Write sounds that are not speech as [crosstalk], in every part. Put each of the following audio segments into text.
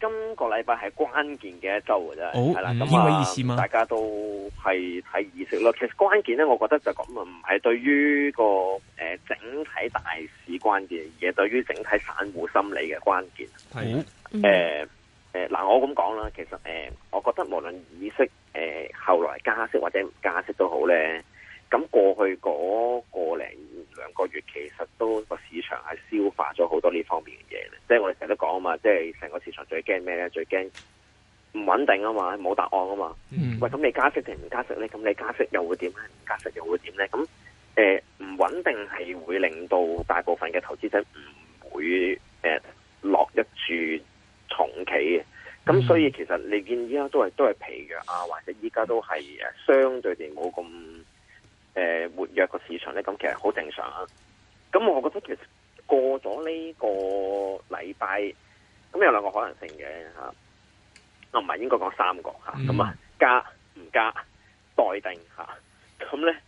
今個禮拜係關鍵嘅一周嘅啫，係啦、咁、哦、大家都係睇意識議息咯。其實關鍵呢，我覺得就咁、是、啊，唔係對於個、呃、整體大市關鍵，而係對於整體散戶心理嘅關鍵。係誒嗱，我咁講啦，其實、呃、我覺得無論議息、呃、後來加息或者唔加息都好呢，咁過去嗰個零。兩個月其實都個市場係消化咗好多呢方面嘅嘢，即係我哋成日都講啊嘛，即係成個市場最驚咩咧？最驚唔穩定啊嘛，冇答案啊嘛。嗯、喂，咁你加息定唔加息咧？咁你加息又會點咧？唔加息又會點咧？咁誒，唔穩定係會令到大部分嘅投資者唔會誒、呃、落一住重企嘅。咁所以其實你見而家都係都係疲弱啊，或者而家都係誒相對地冇咁。誒、呃，活躍個市場咧，咁其實好正常啊。咁我覺得其實過咗呢個禮拜，咁有兩個可能性嘅吓，我唔係應該講三個吓，咁啊加唔加待定吓。咁、啊、咧、啊、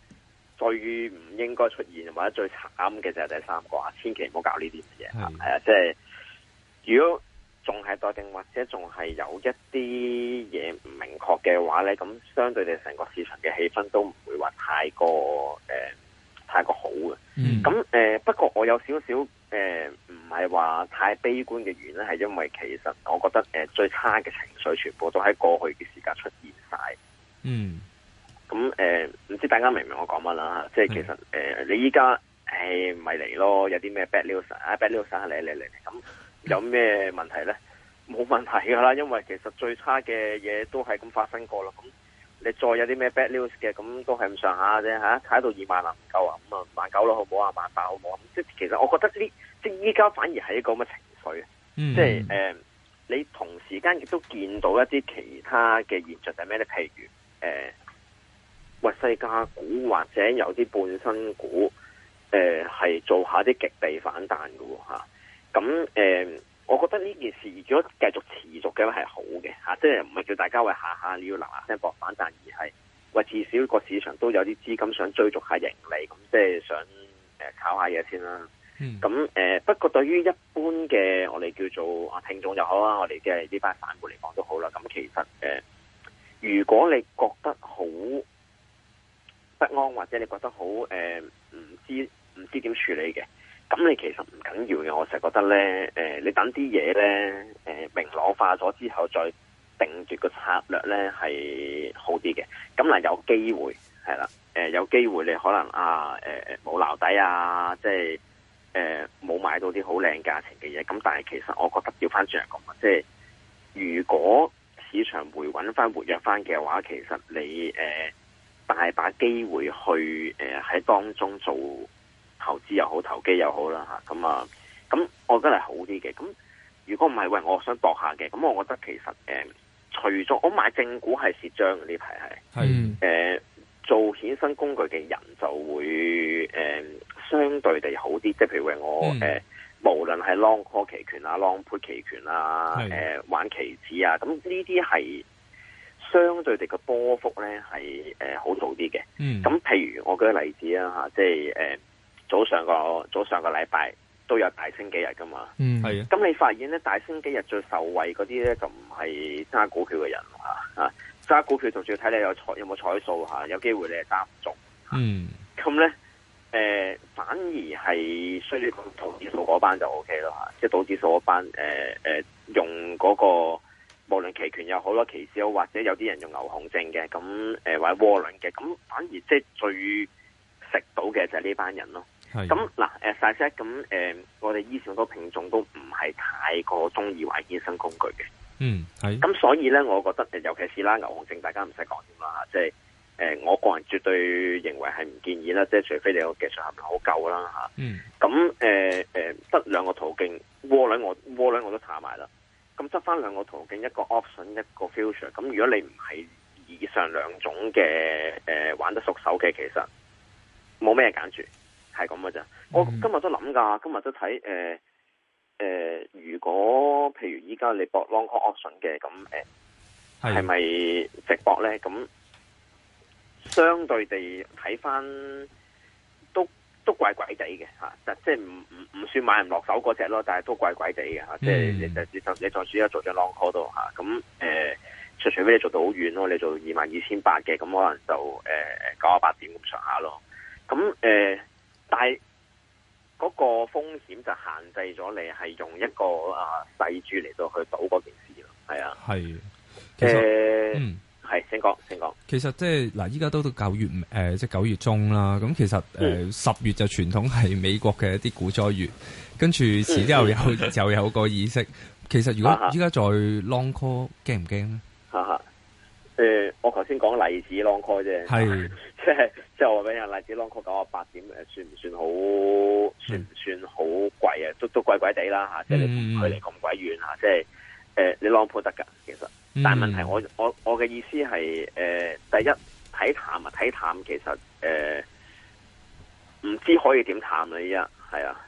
最唔應該出現或者最慘嘅就係第三個啊，千祈唔好搞呢啲嘢係啊，即係如果。仲係待定，或者仲係有一啲嘢唔明確嘅話呢，咁相對你成個市場嘅氣氛都唔會話太過誒、呃、太過好嘅。咁誒、mm. 呃，不過我有少少誒，唔係話太悲觀嘅原因係因為其實我覺得誒、呃、最差嘅情緒全部都喺過去嘅時間出現晒。Mm. 嗯。咁、呃、誒，唔知大家明唔明我講乜啦？即、就、係、是、其實誒、mm. 呃，你依家誒咪嚟咯，有啲咩 bad news 啊、uh,，bad news 嚟嚟嚟嚟咁。有咩問題呢？冇問題噶啦，因為其實最差嘅嘢都係咁發生過啦。咁你再有啲咩 bad news 嘅，咁都係咁上下啫。吓、啊，睇到二萬零唔夠啊，咁啊萬九咯，好冇啊，萬八好冇。即、嗯、係、嗯嗯嗯、其實我覺得呢，即係依家反而係一個咁嘅情緒。即係誒，你同時間亦都見到一啲其他嘅現象，就係咩呢？譬如誒，喂世界股或者有啲半新股，誒、呃、係做下啲極地反彈嘅吓。啊咁誒、呃，我覺得呢件事如果繼續持續嘅話係好嘅吓、啊，即係唔係叫大家喂下下你要嗱下聲搏反彈，而係喂至少個市場都有啲資金想追逐下盈利，咁、嗯、即係想誒、呃、炒下嘢先啦。咁誒、嗯呃，不過對於一般嘅我哋叫做、啊、聽眾又好啦，我哋嘅呢班散戶嚟講都好啦。咁、嗯、其實誒、呃，如果你覺得好不安或者你覺得好誒唔知唔知點處理嘅。咁你其實唔緊要嘅，我成日覺得呢，呃、你等啲嘢呢、呃、明朗化咗之後再定奪個策略呢係好啲嘅。咁嗱，有機會係啦、呃，有機會你可能啊，冇、呃、留底啊，即係冇、呃、買到啲好靚價錢嘅嘢。咁但係其實我覺得調翻轉嚟講，即係如果市場回穩翻、活躍翻嘅話，其實你誒大、呃、把機會去誒喺、呃、當中做。投資又好，投機又好啦嚇，咁啊，咁我覺得係好啲嘅。咁如果唔係，喂，我想搏下嘅，咁我覺得其實誒，除、呃、咗我買正股係蝕張，呢排係，係誒、嗯呃、做衍生工具嘅人就會誒、呃、相對地好啲。即係譬如我誒、嗯呃，無論係 Long Call 期權啊、Long Put 期權啊的、呃、玩期指啊，咁呢啲係相對地嘅波幅咧係誒好做啲嘅。嗯，咁譬如我舉個例子啦嚇、啊，即係早上個早上個禮拜都有大升幾日噶嘛，嗯，係。咁你發現咧，大升幾日最受惠嗰啲咧，就唔係揸股票嘅人吓、啊，啊，揸股票仲要睇你有彩有冇彩數吓，有機、啊、會你係答唔中，啊、嗯，咁咧，誒、呃，反而係需要做指數嗰班就 O K 啦吓，即係賭指數嗰班，誒、啊、誒，用嗰、嗰個無論期權又好咯，期指又好，或者有啲人用牛熊證嘅，咁誒、呃、或者窩輪嘅，咁反而即係最食到嘅就係呢班人咯。咁嗱，誒 s 咁，誒、呃呃，我哋以上多個品種都唔係太過中意玩衍生工具嘅，嗯，係，咁所以咧，我覺得，尤其是啦，牛熊證，大家唔使講啦，即、就、係、是，誒、呃，我個人絕對認為係唔建議啦，即、就、係、是、除非你個技術含量好夠啦，吓，嗯，咁，誒，誒，得兩個途徑，窩輪我窩輪我都查埋啦，咁得翻兩個途徑，一個 option，一個 future，咁、嗯、如果你唔係以上兩種嘅，誒、呃，玩得熟手嘅，其實冇咩揀住。係咁噶咋，嗯、我今日都諗噶，今日都睇誒誒，如果譬如依家你博 long call option 嘅，咁誒係咪直博咧？咁相對地睇翻都都怪怪哋嘅吓，即係唔唔唔算買唔落手嗰隻咯，但係都怪怪哋嘅吓，即係你就算、是、你再選一做隻 long call 吓，咁誒除除非你做到好遠咯，你做二萬二千八嘅，咁可能就誒九十八點咁上下咯，咁誒。呃但係嗰個風險就限制咗你係用一個啊細注嚟到去賭嗰件事咯，係啊，係其實嗯係先講先講，其實即係嗱，依家都到九月誒，即係九月中啦。咁其實誒十、呃嗯、月就傳統係美國嘅一啲股災月，跟住遲啲又就有個議息。嗯、其實如果依家再 long call 驚唔驚咧？啊誒、呃，我頭先講例子 long call 啫，即係即係我話俾人例子 long call 九啊八點誒，算唔算好？算唔算好貴啊？嗯、都都貴貴地啦吓，即、啊、係、就是、你距離咁鬼遠吓，即係誒你 long 得噶，其實。呃、但係問題我我我嘅意思係誒、呃，第一睇淡，淡、呃、淡啊，睇淡其實誒，唔知可以點淡啊依家係啊，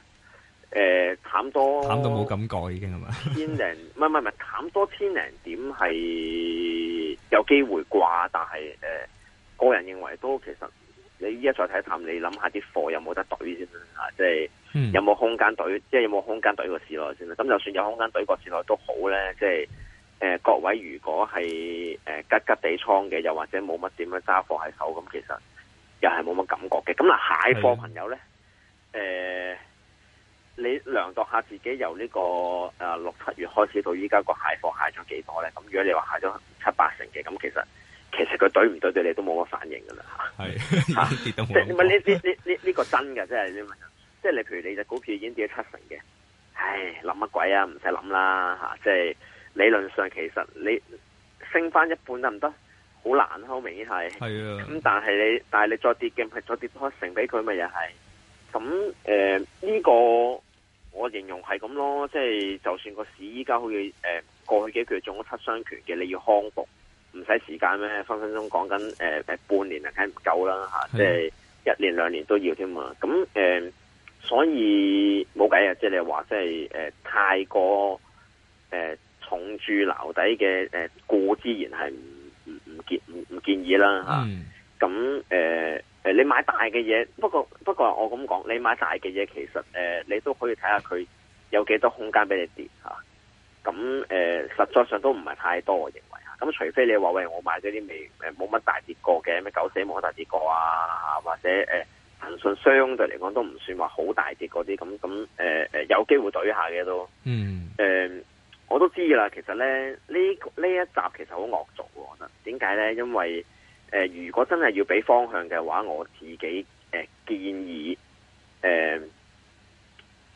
誒、呃、淡多，淡到冇感覺已經係咪？ [laughs] 千零唔係唔係唔係，淡多千零點係。有機會啩，但係誒、呃，個人認為都其實你依家再睇一睇，你諗下啲貨有冇得懟先啦，即係有冇空間懟，即係有冇空間懟個市內先啦。咁就算有空間懟個市內都好咧，即係誒、呃、各位如果係誒、呃、吉吉地倉嘅，又或者冇乜點樣揸貨喺手，咁其實又係冇乜感覺嘅。咁嗱，蟹貨朋友咧，誒的。呃你量度下自己由呢個誒六七月開始到依家個蟹貨蟹咗幾多咧？咁如果你話蟹咗七八成嘅，咁其實其實佢對唔對對你都冇乜反應噶啦吓，係吓跌冇。這個、 [laughs] 即係你係呢呢呢呢呢個真嘅，即係呢，即係你譬如你隻股票已經跌咗七成嘅，唉諗乜鬼啊？唔使諗啦吓，即係理論上其實你升翻一半得唔得？好難啦、啊，好明顯係。係啊。 [laughs] 咁但係你但係你再跌嘅係再跌多一成俾佢咪又係？咁誒呢個我形容係咁咯，即係就算個市依家好似誒過去幾個月中咗七傷拳嘅，你要康復唔使時間咩？分分鐘講緊誒誒半年啊，梗唔夠啦嚇！即係一年兩年都要添嘛。咁、啊、誒、呃，所以冇計啊！即係你話即係誒、呃，太過誒、呃、重注樓底嘅誒過之言係唔唔建唔唔建議啦嚇。咁誒、嗯。誒，你買大嘅嘢，不過不過我咁講，你買大嘅嘢，其實誒、呃，你都可以睇下佢有幾多空間俾你跌吓，咁、啊、誒、呃，實在上都唔係太多，我認為咁、啊、除非你話喂，我買咗啲未誒冇乜大跌過嘅，咩九死冇大跌過啊，或者誒騰訊相對嚟講都唔算話好大跌嗰啲，咁咁誒誒，有機會懟下嘅都，嗯，誒、呃，我都知啦，其實咧呢呢、這個、一集其實好惡俗，我覺得，點解咧？因為誒，如果真係要俾方向嘅話，我自己誒、呃、建議誒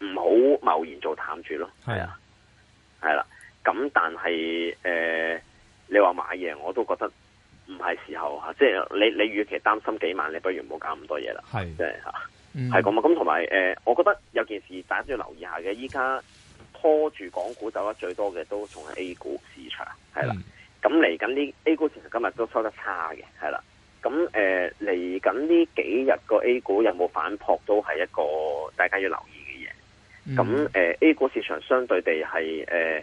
唔好貿然做淡住咯。係啊是的，係啦。咁但係誒，你話買嘢，我都覺得唔係時候吓。即係你你預期擔心幾萬，你不如唔好搞咁多嘢啦。係即係吓，係咁啊。咁同埋誒，我覺得有件事大家都要留意一下嘅。依家拖住港股走得最多嘅都仲係 A 股市場，係啦。嗯咁嚟緊呢 A 股，其實今日都收得差嘅，係啦。咁誒嚟緊呢幾日個 A 股有冇反撲，都係一個大家要留意嘅嘢。咁誒、嗯呃、A 股市場相對地係誒、呃，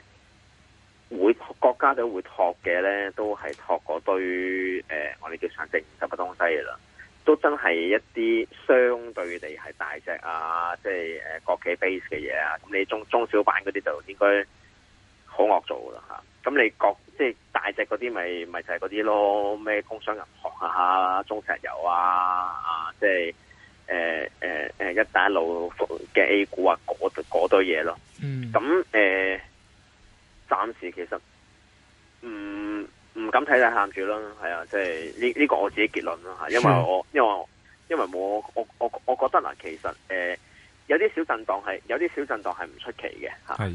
會國家都會托嘅咧，都係托嗰堆誒、呃，我哋叫上證唔執嘅東西啦。都真係一啲相對地係大隻啊，即係誒國企 base 嘅嘢啊。咁你中中小板嗰啲就應該。好惡做噶啦吓，咁、啊、你覺即係大隻嗰啲咪咪就係嗰啲咯，咩工商銀行啊、中石油啊啊，即係誒誒誒一帶一路嘅 A 股啊，嗰堆嘢咯。咁誒、嗯，暫、呃、時其實唔唔敢睇睇喊住啦，係啊，即係呢呢個我自己結論啦吓，因為我因為、嗯、因為我因為我我我，我覺得嗱，其實誒、呃、有啲小震蕩係有啲小震蕩係唔出奇嘅吓。啊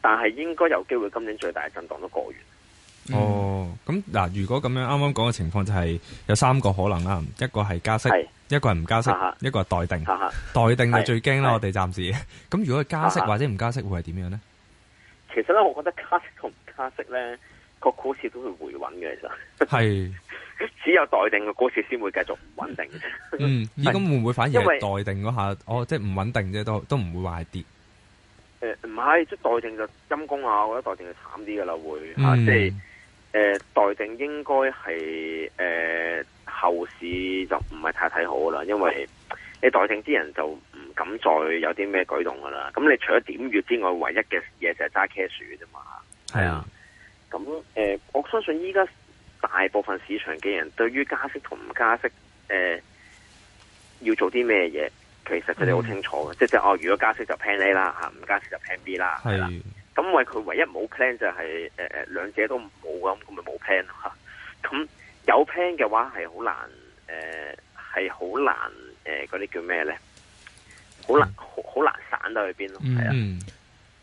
但係應該有機會今年最大嘅震盪都過完。哦，咁嗱，如果咁樣，啱啱講嘅情況就係有三個可能啦，一個係加息，一個係唔加息，一個係待定。待定就最驚啦，我哋暫時。咁如果係加息或者唔加息，會係點樣呢？其實咧，我覺得加息同唔加息呢個股市都會回穩嘅。其實係只有待定嘅股市先會繼續唔穩定。嗯，咁會唔會反而係待定嗰下，哦，即係唔穩定啫，都都唔會話係跌。誒，唔係、呃，即係待定就陰公啊！我覺得待定就慘啲噶啦，會吓，即係誒，待、呃、定應該係誒後市就唔係太睇好噶啦，因為你待定啲人就唔敢再有啲咩舉動噶啦。咁你除咗點穴之外，唯一嘅嘢就係揸 cash 嘅啫嘛。係是啊、嗯，咁誒、呃，我相信依家大部分市場嘅人對於加息同唔加息誒、呃，要做啲咩嘢？其實佢哋好清楚嘅，嗯、即係哦，如果加息就 plan A 啦，吓唔加息就 plan B 啦，係啦的。咁為佢唯一冇 plan 就係誒誒，兩、呃、者都冇咁，咁咪冇 plan 吓，咁有 plan 嘅話係好難，誒係好難，誒嗰啲叫咩咧？好難，好好難散到去邊咯，係啊。嗯嗯嗯。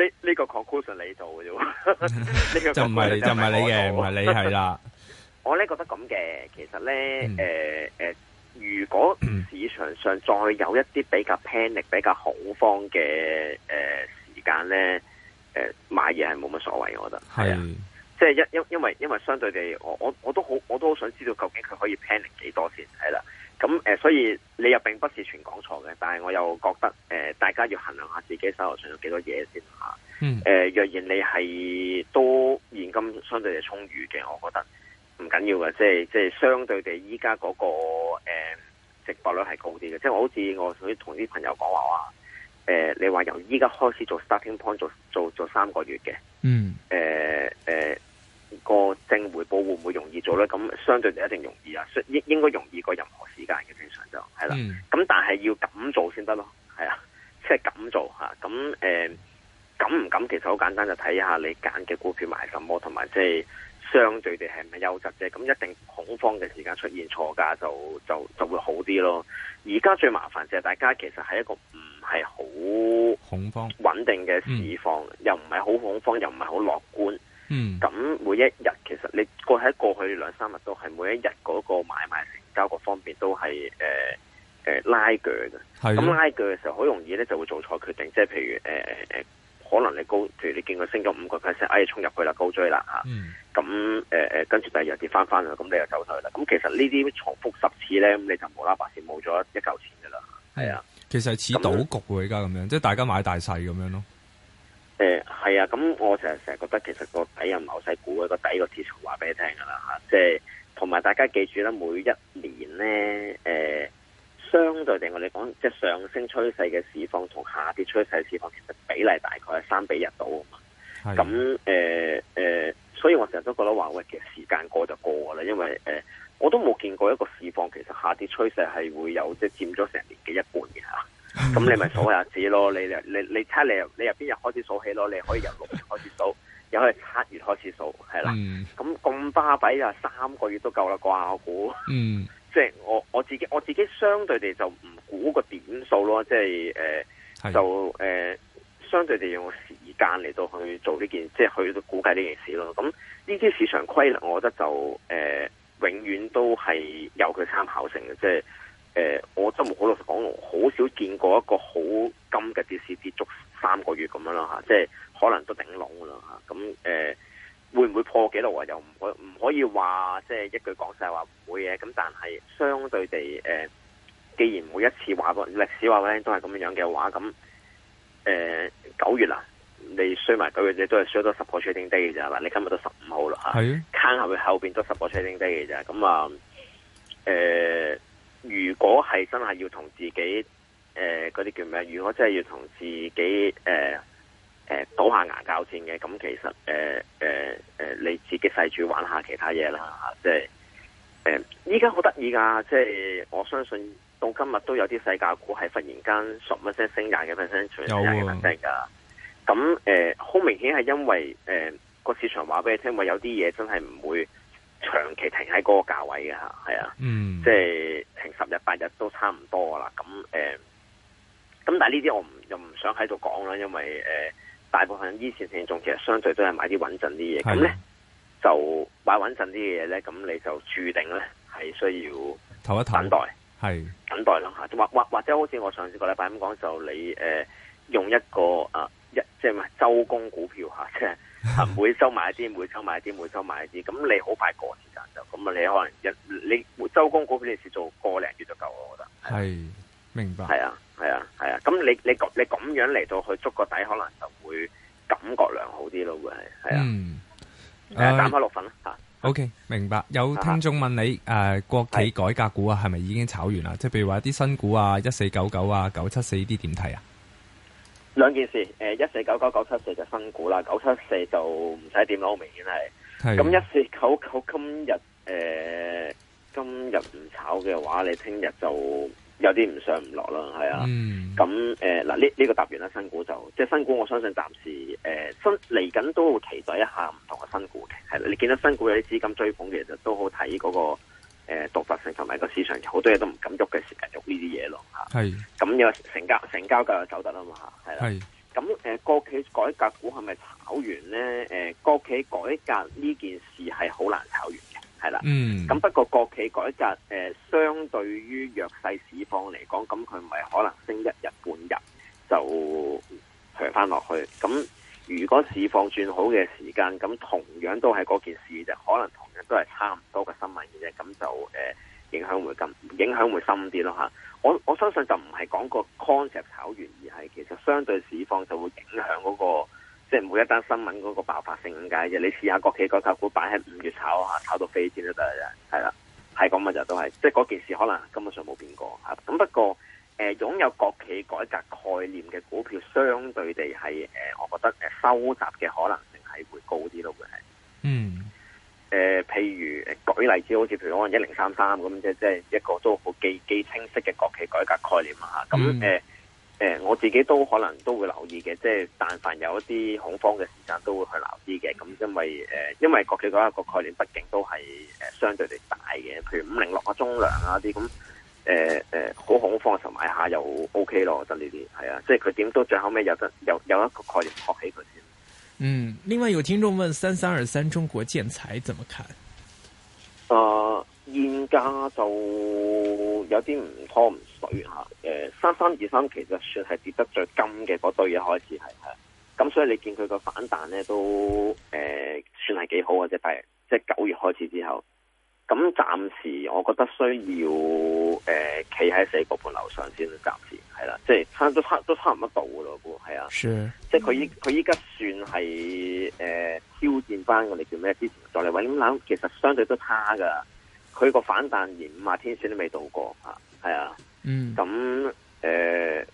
呢呢 [laughs] 個 conclusion 你做嘅啫喎， [laughs] 就唔係就唔係你嘅，唔係你係啦。我咧 [laughs] 覺得咁嘅，其實咧、嗯呃、如果市場上再有一啲比較 panic、比較恐慌嘅誒時間咧，誒、呃、買嘢係冇乜所謂，我覺得係啊。即係一因因為因為相對地，我我我都好我都好想知道究竟佢可以 panic 幾多先係啦。咁誒、呃，所以你又並不是全講錯嘅，但係我又覺得誒、呃，大家要衡量下自己手頭上有幾多嘢先吓。嗯。誒、呃，若然你係都現金，相對地充裕嘅，我覺得唔緊要嘅，即係即係的、就是就是、相對地依家嗰個、呃、值博率係高啲嘅。即係我好似我同啲朋友講話話，誒、呃，你話由依家開始做 starting point，做做做三個月嘅。嗯。誒誒、呃。呃個正回報會唔會容易做呢？咁相對就一定容易啊，應應該容易過任何時間嘅正常就係啦。咁但係要敢做先得咯，係、嗯、啊，即係敢做吓。咁、嗯、誒、欸，敢唔敢其實好簡單，就睇下你揀嘅股票買什麼，同埋即係相對地係咪優質啫。咁一定恐慌嘅時間出現錯價，就就就會好啲咯。而家最麻煩就係大家其實係一個唔係好恐慌、穩定嘅市況，又唔係好恐慌，又唔係好樂觀。嗯，咁每一日其實你過喺過去兩三日都係每一日嗰個買賣成交各方面都係誒誒拉鋸嘅，咁的拉鋸嘅時候好容易咧就會做錯決定，即係譬如誒誒誒，可能你高，譬如你見佢升咗五個 percent，哎衝入去啦，高追啦吓，咁誒誒，跟住第二日跌翻翻去，咁你又走退啦，咁其實呢啲重複十次咧，你就無啦啦先冇咗一嚿錢噶啦，係啊的，的其實似賭局喎，而家咁樣，那即係大家買大細咁樣咯。係啊，咁我成日成日覺得其實底有小估底有個底又唔係好細估嘅，個底個貼我話俾你聽噶啦吓，即係同埋大家記住啦，每一年咧，誒、呃、相對地我哋講即係上升趨勢嘅市況同下跌趨勢嘅市況，其實比例大概係三比一到啊嘛。咁誒誒，所以我成日都覺得話喂，其實時間過就過啦，因為誒、呃、我都冇見過一個市況，其實下跌趨勢係會有即係佔咗成年嘅一半嘅吓。咁 [laughs] 你咪數下日子咯，你你你睇你你由邊日開始數起咯，你可以由六月開始數， [laughs] 又可以七月開始數，係啦。咁咁巴閉啊，三個月都夠啦，啩我估。 [laughs] 嗯，即係我我自己我自己相對地就唔估個點數咯，即係誒、呃，就誒、呃、是相對地用個時間嚟到去做呢件，即係去到估計呢件事咯。咁呢啲市場規律，我覺得就誒、呃、永遠都係有佢參考性嘅，即係。誒、呃，我真冇好老實講，好少見過一個好金嘅跌市跌足三個月咁樣啦吓、啊，即係可能都頂籠噶啦吓。咁、啊、誒、啊，會唔會破紀錄啊？又唔可唔可以話即係一句講晒話唔會嘅、啊。咁但係相對地，誒、啊，既然每一次話個歷史話都係咁樣樣嘅話，咁、啊、誒、啊、九月啊，你衰埋九月啫，你都係衰多十個 Trading Day 嘅咋嗱。你今日都十五號啦吓，係，撐下佢後邊都十個 Trading Day 嘅咋。咁啊，誒是。看看如果係真係要同自己，誒嗰啲叫咩？如果真係要同自己，誒、呃、誒、賭、呃、下牙搞錢嘅，咁其實，誒誒誒，你自己細處玩下其他嘢啦，即、就、係、是，誒、呃，依家好得意噶，即、就、係、是、我相信到今日都有啲細價股係忽然間十一升升廿幾 percent，有嘅的，有嘅、嗯，有嘅，咁、呃、誒，好明顯係因為，誒、呃、個市場話俾你聽，話有啲嘢真係唔會。長期停喺嗰個價位嘅吓，係啊，嗯、即係停十日八日都差唔多噶啦。咁誒，咁、呃、但係呢啲我唔又唔想喺度講啦，因為誒、呃，大部分依線聽眾其實相對都係買啲穩陣啲嘢。咁咧、啊、就買穩陣啲嘅嘢咧，咁你就注定咧係需要投一投等待，係、啊、等待啦吓。或或或者，好似我上次個禮拜咁講，就你誒、呃、用一個啊。一即係咪周供股票吓，即係啊，每周買一啲，每周買一啲，每周買一啲，咁你好快過時間就咁啊！你可能一你周供股票件事做個零月就夠，我覺得係明白，係啊，係啊，係啊，咁你你咁你咁樣嚟到去捉個底，可能就會感覺良好啲咯，會係係啊，誒，攤開六份啦吓。OK，明白。有聽眾問你誒，國企改革股啊，係咪已經炒完啦？即係譬如話啲新股啊，一四九九啊，九七四啲點睇啊？兩件事，誒一四九九九七四就新股啦，九七四就唔使點咯，好明顯係。咁一四九九今日，誒、呃、今日唔炒嘅話，你聽日就有啲唔上唔落啦，係啊。咁誒嗱呢呢個答完啦，新股就即係新股，我相信暫時誒、呃、新嚟緊都會期待一下唔同嘅新股嘅。係、啊、你見到新股有啲資金追捧，其實都好睇嗰、嗰個。誒獨特性同埋個市場好多嘢都唔敢喐嘅時間喐呢啲嘢咯嚇，係咁有成交成交價就走得啦嘛嚇，係啦。咁誒是、呃、國企改革股係咪炒完咧？誒、呃、國企改革呢件事係好難炒完嘅，係啦。嗯。咁不過國企改革誒、呃，相對於弱勢市況嚟講，咁佢唔係可能升一日半日就捱翻落去。咁如果市況轉好嘅時間，咁同樣都係嗰件事就可能。都係差唔多嘅新聞嘅啫，咁就誒、呃、影響會咁影響會深啲咯嚇。我我相信就唔係講個 concept 炒完，而係其實相對市況就會影響嗰、那個，即係每一單新聞嗰個爆發性咁解嘅。你試下國企改革股擺喺五月炒嚇，炒到飛天都得。係啫，係啦，係咁嘅就都、是、係，即係嗰件事可能根本上冇變過嚇。咁、啊、不過誒、呃，擁有國企改革概念嘅股票，相對地係誒、呃，我覺得誒收集嘅可能性係會高啲咯，會係嗯。誒、呃，譬如舉例子，好似譬如可能一零三三咁，即即係一個都好幾幾清晰嘅國企改革概念啊！吓咁誒誒，我自己都可能都會留意嘅，即係但凡有一啲恐慌嘅時間，都會去留意嘅。咁因為誒、呃，因為國企改革嗰一個概念，畢竟都係誒相對嚟大嘅。譬如五零六啊、中糧啊啲咁，誒、呃、誒，好、呃、恐慌嘅時候買下又 OK 咯。我覺得呢啲係啊，即係佢點都最後尾有得有有一個概念扣起佢先。嗯，另外有聽眾問三三二三中國建材怎麼看？啊、呃，現價就有啲唔湯唔水吓，誒、呃，三三二三其實算係跌得最金嘅嗰對嘢開始係係，咁所以你見佢個反彈咧都誒、呃、算係幾好嘅，即係第即係九月開始之後。咁暫時，我覺得需要誒企喺四個半樓上先，暫時係啦，即係差都差都差唔多到嘅咯，估係啊，的即係佢依佢依家算係誒、呃、挑戰返你叫咩之前？再嚟喂，咁諗其實相對都差噶，佢個反彈連五十啊天線都未到過嚇，係啊，嗯，咁誒、呃，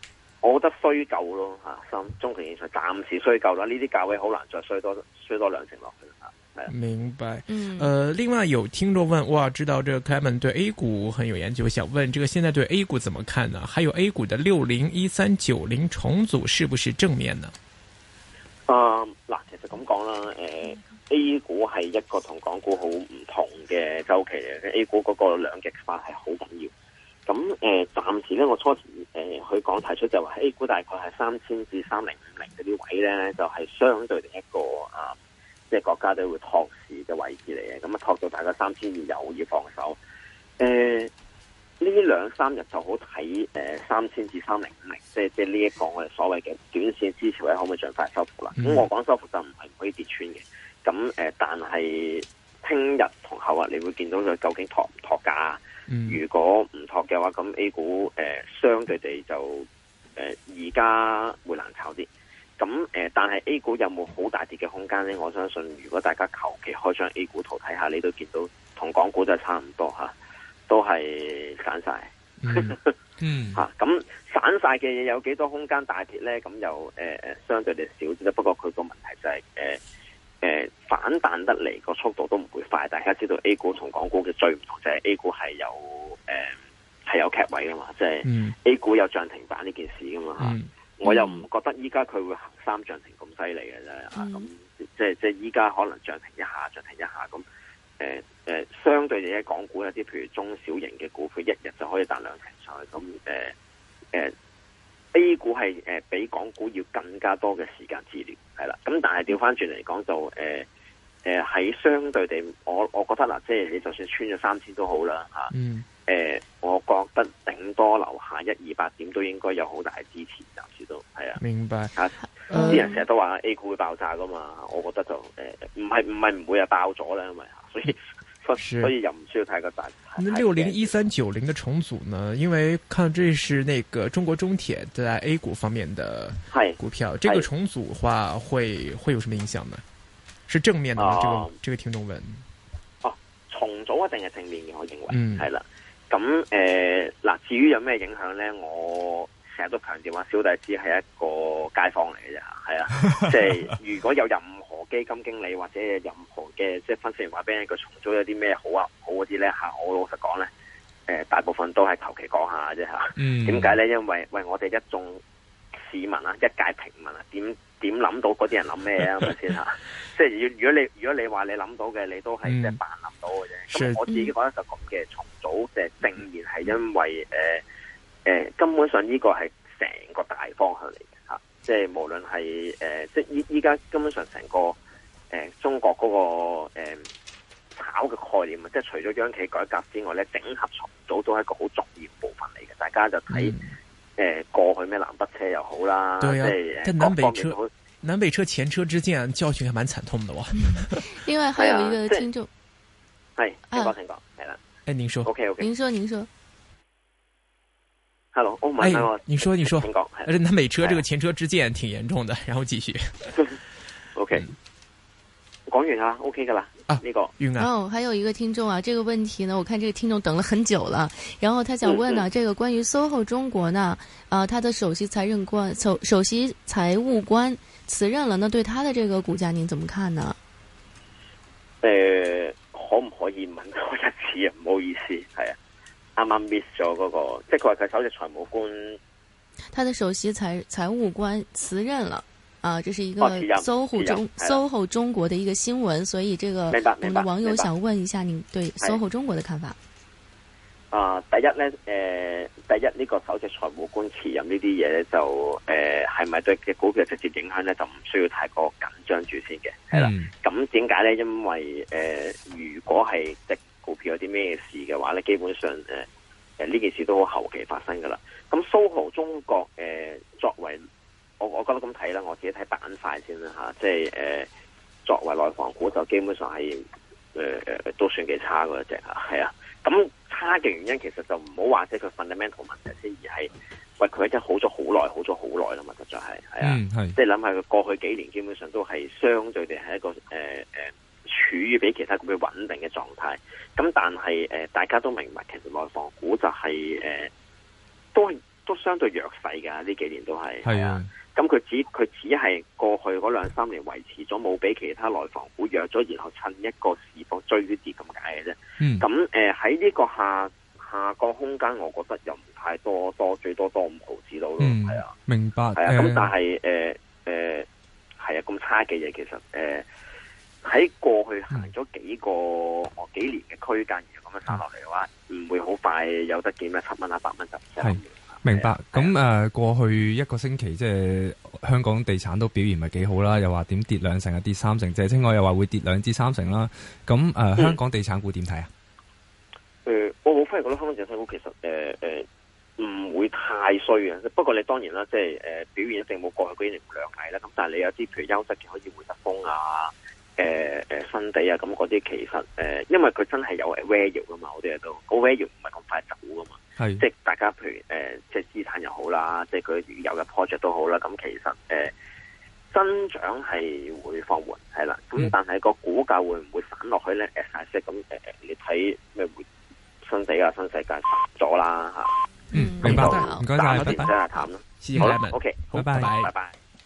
我覺得衰舊咯嚇，三中庭現場暫時衰舊啦，呢啲價位好難再衰多衰多兩成落去啦。明白，嗯，呃，另外有聽眾問，哇，知道這個 Kevin 對 A 股很有研究，想問這個現在對 A 股怎麼看呢？還有 A 股的六零一三九零重組是不是正面呢？啊、嗯，嗱、呃，其實咁講啦，誒、呃、，A 股係一個同港股好唔同嘅周期嘅，A 股嗰個兩極化係好緊要。咁誒，暫、呃、時咧我初時誒、呃、去講提出就話 A 股大概係三千至三零五零嗰啲位咧，就係、是、相對嘅一個啊。呃即係國家都會托市嘅位置嚟嘅，咁啊托到大概三千二又要放手。誒，呢、呃、兩三日就好睇誒，三千至三零五零，即係即係呢一個我哋所謂嘅短綫支持位可唔可以盡快收復啦？咁我講收復就唔係唔可以跌穿嘅。咁、嗯、誒、呃，但係聽日同後日你會見到佢究竟托唔托價。啊。嗯、如果唔托嘅話，咁 A 股誒、呃，相對地就誒而家會難炒啲。咁誒、呃，但係 A 股有冇好大跌嘅空間咧？我相信，如果大家求其開張 A 股圖睇下，你都見到同港股就差唔多吓、啊，都係散晒、嗯。嗯，吓咁、 [laughs] 啊、散晒嘅嘢有幾多空間大跌咧？咁又誒誒、呃，相對地少啲啦。不過佢個問題就係誒誒，反彈得嚟個速度都唔會快。大家知道 A 股同港股嘅最唔同就係、是、A 股係有誒係、呃、有劇位噶嘛，即、就、係、是、A 股有漲停板呢件事噶嘛吓。嗯嗯。我又唔覺得依家佢會行三漲停咁犀利嘅啫，咁、嗯啊、即係即係依家可能漲停一下，漲停一下咁。誒、呃呃、相對地喺港股有啲譬如中小型嘅股票，一日就可以彈兩停上去。咁誒誒，A 股係誒、呃、比港股要更加多嘅時間治療，係啦。咁但係調翻轉嚟講就誒喺相對地，我我覺得嗱，即係你就算穿咗三千都好啦，啊嗯誒、呃，我覺得頂多留下一二八點都應該有好大嘅支持，暫時都係啊。明白啊！啲人成日都話 A 股會爆炸噶嘛，我覺得就誒，唔係唔係唔會啊，爆咗啦，因為所以所以，所以又唔需要太過大。嗯、多那六零一三九零嘅重組呢？因為看這是那個中國中鐵在 A 股方面的股票，嗯、這個重組話會會有什麼影響呢？是正面嘅、哦這個，這個這個聽眾問哦、啊，重組一定係正面嘅，我認為嗯係啦。咁誒，嗱、呃，至於有咩影響咧，我成日都強調話，小弟只係一個街坊嚟嘅啫。係啊， [laughs] 即係如果有任何基金經理或者任何嘅即係分析員話俾你個重組有啲咩好啊好嗰啲咧吓，我老實講咧，誒、呃，大部分都係求其講下啫吓，點解咧？因為喂我哋一眾市民啊，一介平民啊，點點諗到嗰啲人諗咩啊？係咪先吓？即係如果如果你如果你話你諗到嘅，你都係即係扮諗到嘅啫。咁、嗯、我自己覺得就咁嘅重組嘅、就是、正面係因為誒誒、呃呃，根本上呢個係成個大方向嚟嘅吓。即係無論係誒，即係依依家根本上成個誒、呃、中國嗰、那個誒、呃、炒嘅概念啊，即係除咗央企改革之外咧，整合重組都係一個好重要的部分嚟嘅。大家就睇。嗯誒，過去咩南北車又好啦，即係、啊。但南北車、啊、南北車前車之鑒教訓係蠻慘痛的喎。另外，還有一個聽眾係，唔該、啊，請講，係啦，啊、誒，您說，OK，OK，OK, OK 您說，您說，Hello，Oh my，哎，你說，你說，請講，而且南北車這個前車之鑒挺嚴重的，然後繼續 [laughs] ，OK，嗯、講完啦，OK 噶啦。啊，呢個哦，還有一個聽眾啊，這個問題呢，我看這個聽眾等了很久了，然後他想問呢、啊，嗯嗯這個關於 SOHO 中國呢，啊、呃，他的首席財政官、首首席財務官辭任了，那對他的這個股價，您怎麼看呢？誒、呃，可不可以問多一次啊？唔好意思，係啊，啱啱 miss 咗嗰個，即係佢話佢首席財務官，他的首席財財務官辭任了。啊，這、就是一個搜狐中搜 o 中國的一個新聞，的所以這個我們的網友想問一下，您對 SOHO 中國的看法的？啊，第一呢，誒、呃，第一呢、這個首席財務官辭任呢啲嘢，就誒係咪對嘅股票直接影響呢？就唔需要太過緊張住先嘅，係啦的。咁點解呢？因為誒、呃，如果係啲股票有啲咩事嘅話呢，基本上誒誒呢件事都後期發生噶啦。咁 SOHO 中國誒、呃、作為。我我覺得咁睇啦，我自己睇板塊先啦吓，即係誒、呃，作為內房股就基本上係誒誒，都算幾差嗰隻吓，係啊。咁差嘅原因其實就唔好話，即係佢 fundamental 問題先，而係喂佢已經好咗好耐，好咗好耐啦嘛，實在係係啊，嗯、是即係諗下佢過去幾年基本上都係相對地係一個誒誒、呃，處於比其他咁嘅穩定嘅狀態。咁但係誒、呃，大家都明白，其實內房股就係誒，都是都相對弱勢噶，呢幾年都係係啊。咁佢只佢只係過去嗰兩三年維持咗，冇俾其他內房股弱咗，然後趁一個市況追跌咁解嘅啫。咁誒喺呢個下下降空間，我覺得又唔太多，多最多多五毫子到咯。係、嗯、啊，明白。係啊，咁但係誒誒，係、呃呃、啊，咁差嘅嘢其實誒喺、呃、過去行咗幾個哦、嗯、幾年嘅區間，如果咁樣翻落嚟嘅話，唔、嗯、會好快有得見咩七蚊啊八蚊十。係。明白，咁誒過去一個星期，即係香港地產都表現唔係幾好啦，又話點跌兩成、又跌三成，謝清海又話會跌兩至三成啦。咁誒、呃、香港地產股點睇啊？誒、嗯嗯，我冇反而覺得香港地產股其實誒誒唔會太衰嘅。不過你當然啦，即係誒、呃、表現一定冇過去嗰一年兩倍啦。咁但係你有啲譬如優質嘅可以回得風啊，誒、呃、誒新地啊，咁嗰啲其實誒、呃，因為佢真係有 value 噶嘛，我哋都個 value 唔係咁快走噶嘛。係，即係大家譬如誒，即係資產又好啦，即係佢有嘅 project 都好啦。咁其實誒，增長係會放緩，係啦。咁但係個股價會唔會散落去咧？誒，係，咁誒，你睇咩？新地啊，新世界散咗啦，吓。嗯，明白，唔該晒，拜拜。好啦，OK，好，拜拜，拜拜。